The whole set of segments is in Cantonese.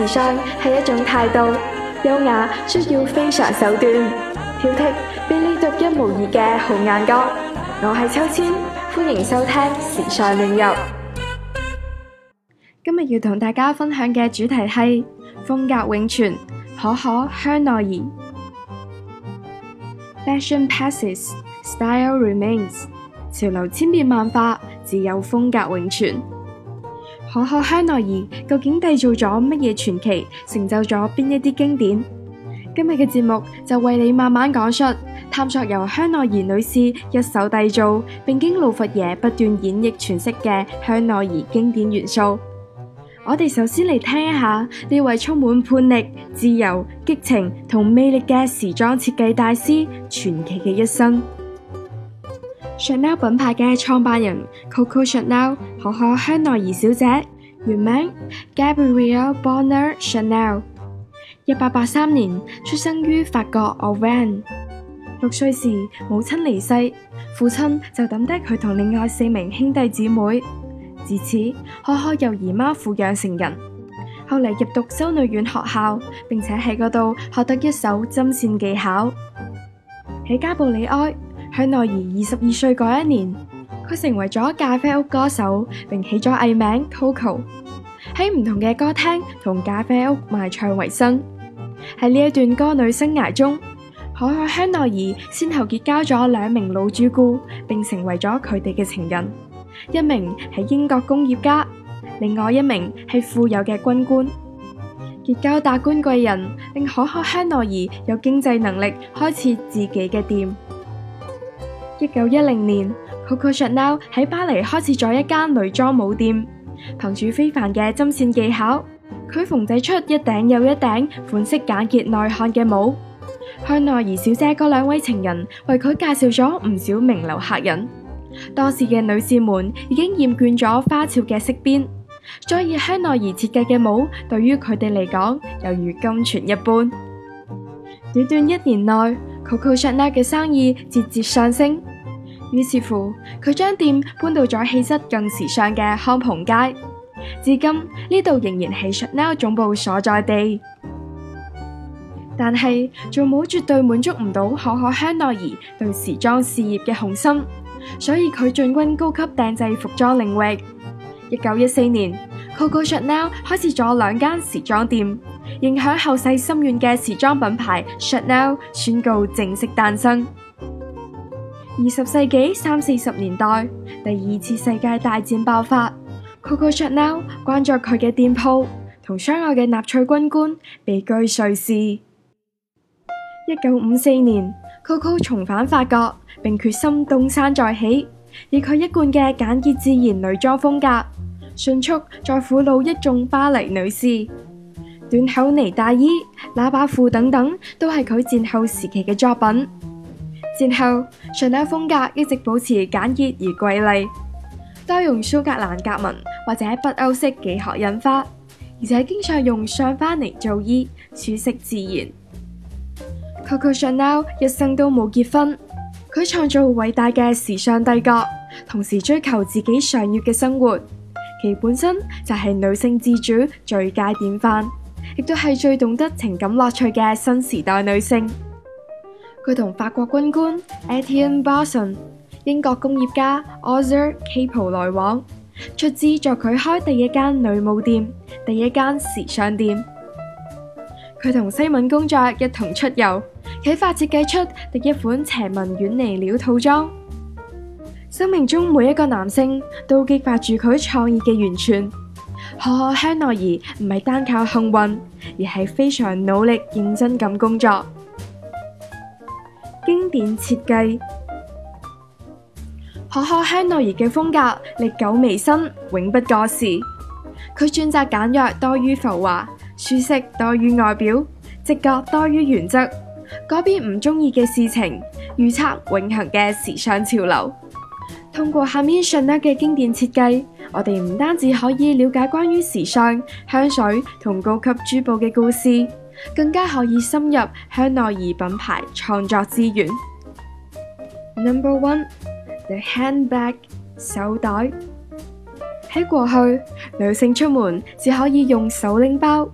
時尚係一種態度，優雅需要非常手段，挑剔俾你獨一無二嘅紅眼光。我係秋千，歡迎收聽時尚亂入。今日要同大家分享嘅主題係風格永存。可可香奈兒，Fashion passes, style remains。潮流千變萬化，自有風格永存。可可香奈兒究竟締造咗乜嘢傳奇，成就咗邊一啲經典？今日嘅節目就為你慢慢講述，探索由香奈兒女士一手締造，並經老佛爺不斷演繹詮釋嘅香奈兒經典元素。我哋首先嚟聽一下呢位充滿叛逆、自由、激情同魅力嘅時裝設計大師傳奇嘅一生。Chanel 品牌嘅創辦人 Coco Chanel，可可香奈兒小姐，原名 Gabrielle Bonner Chanel，一八八三年出生於法國奧韋恩。六歲時母親離世，父親就抌低佢同另外四名兄弟姊妹。自此可可由姨媽撫養成人。後嚟入讀修女院學校，並且喺嗰度學得一手針線技巧。喺加布里埃。香奈兒二十二歲嗰一年，佢成為咗咖啡屋歌手，並起咗藝名 Coco，喺唔同嘅歌廳同咖啡屋賣唱為生。喺呢一段歌女生涯中，可可香奈兒先後結交咗兩名老主顧，並成為咗佢哋嘅情人，一名係英國工業家，另外一名係富有嘅軍官。結交達官貴人，令可可香奈兒有經濟能力開設自己嘅店。一九一零年，Coco Chanel 喺巴黎開設咗一間女裝帽店。憑住非凡嘅針線技巧，佢縫製出一頂又一頂款式簡潔耐看嘅帽。香奈兒小姐嗰兩位情人為佢介紹咗唔少名流客人。當時嘅女士們已經厭倦咗花俏嘅飾邊，所以香奈兒設計嘅帽對於佢哋嚟講，猶如甘泉一般。短短一年內，Coco Chanel 嘅生意節節上升。於是乎，佢將店搬到咗氣質更時尚嘅康朋街。至今呢度仍然係 Chanel 總部所在地。但係，做帽絕對滿足唔到可可香奈兒對時裝事業嘅雄心，所以佢進軍高級訂製服裝領域。一九一四年，Coco Chanel 開始咗兩間時裝店，影響後世深遠嘅時裝品牌 Chanel 宣告正式誕生。二十世紀三四十年代，第二次世界大戰爆發，Coco Chanel 關咗佢嘅店鋪，同相愛嘅納粹軍官避居瑞士。一九五四年，Coco 重返法國，並決心東山再起。以佢一貫嘅簡潔自然女裝風格，迅速再俘虜一眾巴黎女士。短口呢大衣、喇叭褲等等，都係佢戰後時期嘅作品。戰後，Chanel 風格一直保持簡潔而瑰麗，多用蘇格蘭格紋或者北歐式幾何印花，而且經常用上花嚟做衣，舒適自然。Coco Chanel 一生都冇結婚，佢創造偉大嘅時尚帝國，同時追求自己上悅嘅生活，其本身就係女性自主最佳典範，亦都係最懂得情感樂趣嘅新時代女性。佢同法國軍官 Etienne Balsan、英國工業家 Arthur Capel 來往，出資助佢開第一間女帽店、第一間時尚店。佢同西敏公爵一同出遊，啟發設計出第一款斜紋軟呢料套裝。生命中每一個男性都激發住佢創意嘅源泉。可可香奈兒唔係單靠幸運，而係非常努力認真咁工作。經典設計，可可香奈兒嘅風格歷久彌新，永不過時。佢選擇簡約多於浮華，舒適多於外表，直覺多於原則，改變唔鍾意嘅事情，預測永恆嘅時尚潮流。通過下面 Chanel 嘅經典設計，我哋唔單止可以了解關於時尚香水同高級珠寶嘅故事。更加可以深入香奈兒品牌創作資源。Number one，the handbag 手袋。喺過去，女性出門只可以用手拎包。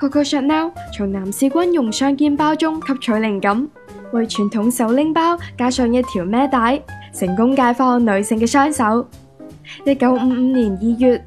Coco Chanel 從男士軍用雙肩包中吸取靈感，為傳統手拎包加上一條孭帶，成功解放女性嘅雙手。一九五五年二月。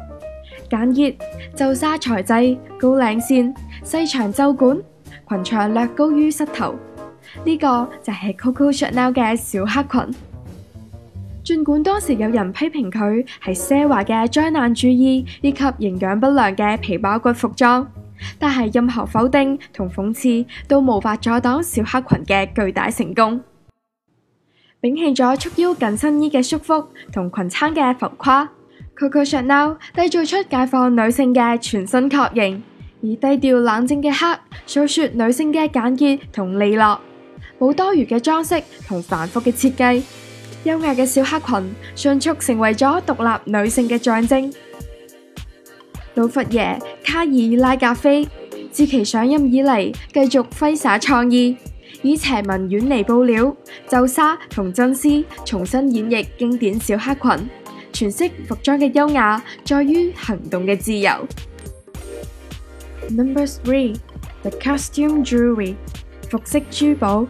簡潔就紗材質，高領，線細長袖管，裙長略高於膝頭，呢個就係 Coco Chanel 嘅小黑裙。盡管當時有人批評佢係奢華嘅災難主義以及營養不良嘅皮包骨服裝，但係任何否定同諷刺都無法阻擋小黑裙嘅巨大成功。摒棄咗束腰緊身衣嘅束縛同裙撐嘅浮誇。Coco Chanel 締造出解放女性嘅全新確認，以低調冷靜嘅黑訴說女性嘅簡潔同利落，冇多餘嘅裝飾同繁複嘅設計，優雅嘅小黑裙迅速成為咗獨立女性嘅象徵。老佛爺卡爾拉格斐自其上任以嚟，繼續揮灑創意，以斜紋軟呢布料、皺紗同真絲重新演繹經典小黑裙。詮釋服裝嘅優雅，在於行動嘅自由。Number three，the costume jewelry，服飾珠寶。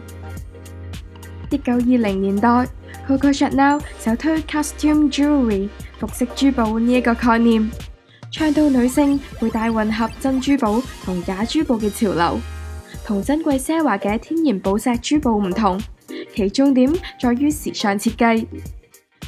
一九二零年代，Coco Chanel 首推 costume jewelry，服飾珠寶呢一個概念，倡導女性佩戴混合真珠寶同假珠寶嘅潮流。同珍貴奢華嘅天然寶石珠寶唔同，其重點在於時尚設計。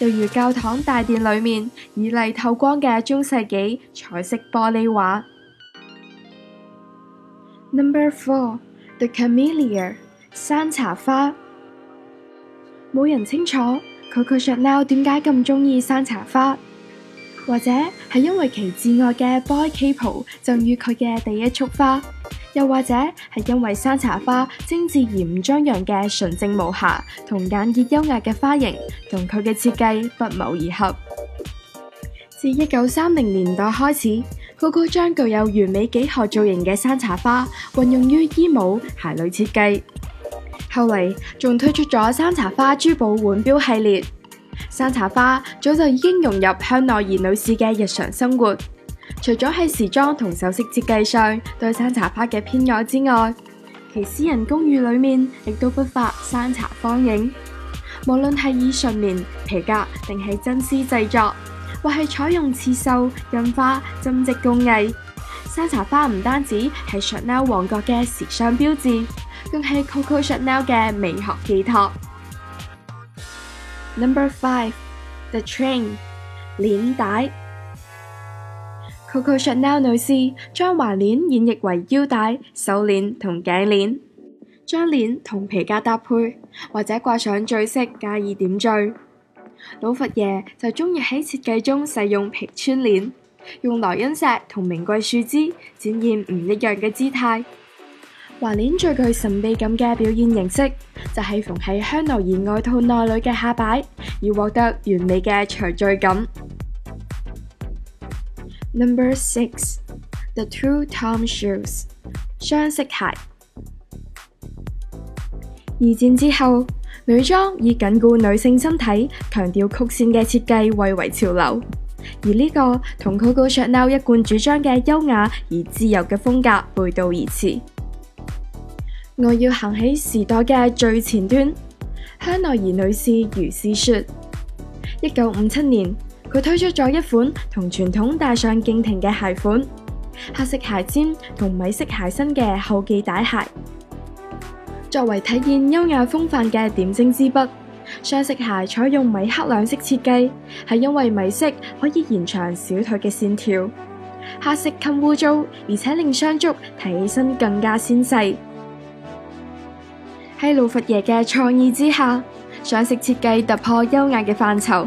例如教堂大殿裏面綺麗透光嘅中世紀彩色玻璃畫。Number four，The Camellia 山茶花。冇人清楚佢 Chanel 點解咁鍾意山茶花，或者係因為其摯愛嘅 Boy Capel 贈予佢嘅第一束花。又或者係因為山茶花精緻而唔張揚嘅純正無瑕，同簡潔優雅嘅花型，同佢嘅設計不謀而合。自一九三零年代開始，可可將具有完美幾何造型嘅山茶花運用於衣帽鞋類設計，後嚟仲推出咗山茶花珠寶腕錶系列。山茶花早就已經融入香奈兒女士嘅日常生活。除咗喺時裝同首飾設計上對山茶花嘅偏愛之外，其私人公寓裏面亦都不乏山茶花影。無論係以純棉、皮革定係真絲製作，或係採用刺繡、印花、針織工藝，山茶花唔單止係 Chanel 王國嘅時尚標誌，更係 Coco Chanel 嘅美學寄託。Number five，the chain，鏈帶。Coco Chanel 女士將環鏈演繹為腰帶、手鏈同頸鏈，將鏈同皮革搭配，或者掛上墜飾加以點綴。老佛爺就中意喺設計中使用皮穿鏈，用萊茵石同名貴樹枝展現唔一樣嘅姿態。環鏈最具神秘感嘅表現形式就係縫喺香奈兒外套內裏嘅下擺，而獲得完美嘅垂墜感。Number six, the two-tone shoes，雙色鞋。二戰之後，女裝以緊固女性身體、強調曲線嘅設計蔚為潮流，而呢個同 Coco Chanel 一貫主張嘅優雅而自由嘅風格背道而馳。我要行喺時代嘅最前端，香奈兒女士如是說。一九五七年。佢推出咗一款同傳統大相徑庭嘅鞋款，黑色鞋尖同米色鞋身嘅後記帶鞋，作為體現優雅風範嘅點睛之筆。雙色鞋採用米黑兩色設計，係因為米色可以延長小腿嘅線條，黑色近污糟，而且令雙足睇起身更加纖細。喺老佛爺嘅創意之下，雙色設計突破優雅嘅範疇。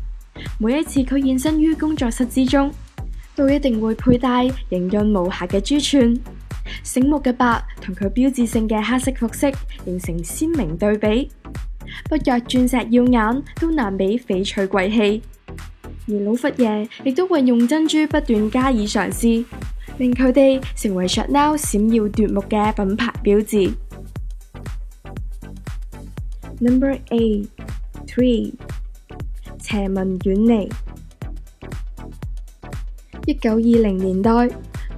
每一次佢現身於工作室之中，都一定會佩戴瑩潤無瑕嘅珠串，醒目嘅白同佢標誌性嘅黑色服飾形成鮮明對比。不若鑽石耀眼，都難比翡翠貴氣。而老佛爺亦都運用珍珠不斷加以嘗試，令佢哋成為 Chanel 閃耀奪目嘅品牌標誌。Number eight, three. 斜紋軟呢，一九二零年代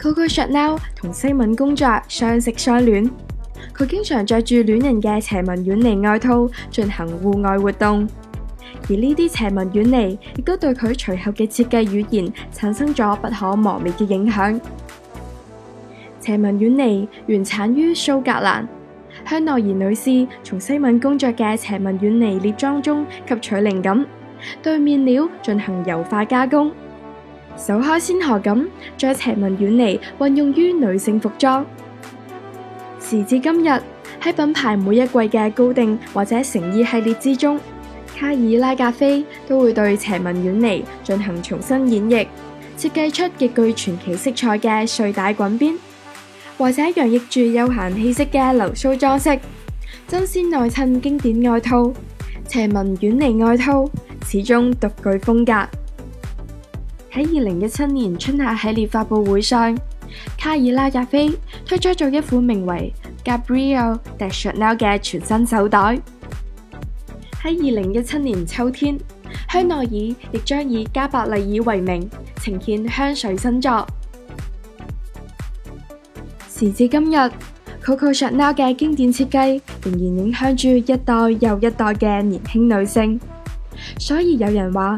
，Coco Chanel 同西敏工作相識相戀，佢經常着住戀人嘅斜紋軟呢外套進行戶外活動，而呢啲斜紋軟呢亦都對佢隨後嘅設計語言產生咗不可磨滅嘅影響。斜紋軟呢原產於蘇格蘭，香奈兒女士從西敏工作嘅斜紋軟呢獵裝中汲取靈感。對面料進行油化加工，首開先河咁將斜紋軟呢運用於女性服裝。時至今日，喺品牌每一季嘅高定或者成衣系列之中，卡爾拉格斐都會對斜紋軟呢進行重新演繹，設計出極具傳奇色彩嘅碎帶滾邊，或者洋溢住悠閒氣息嘅流蘇裝飾、真絲內襯、經典外套、斜紋軟呢外套。始終獨具風格。喺二零一七年春夏系列發布會上，卡爾拉格斐推出咗一款名為 Gabrielle de Chanel 嘅全新手袋。喺二零一七年秋天，香奈兒亦將以加伯麗爾為名呈現香水新作。時至今日，Coco Chanel 嘅經典設計仍然影響住一代又一代嘅年輕女性。所以有人話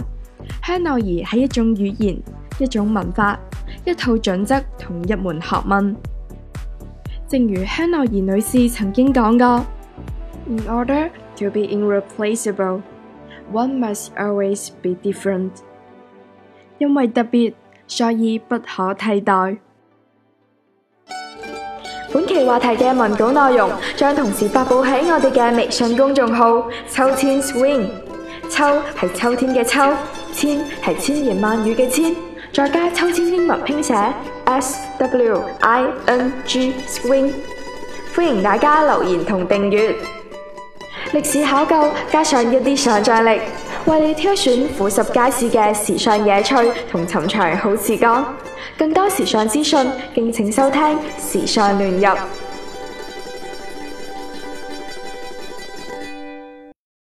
香奈兒係一種語言、一種文化、一套準則同一門學問。正如香奈兒女士曾經講過：In order to be irreplaceable，one must always be different。因為特別，所以不可替代。本期話題嘅文稿內容將同時發佈喺我哋嘅微信公眾號《秋千 swing》。秋係秋天嘅秋，千係千言萬語嘅千，再加秋千英文拼寫 S W I N G Swing，歡迎大家留言同訂閱。歷史考究加上一啲想象力，為你挑選富十街市嘅時尚野趣同尋常好時光。更多時尚資訊，敬請收聽時尚亂入。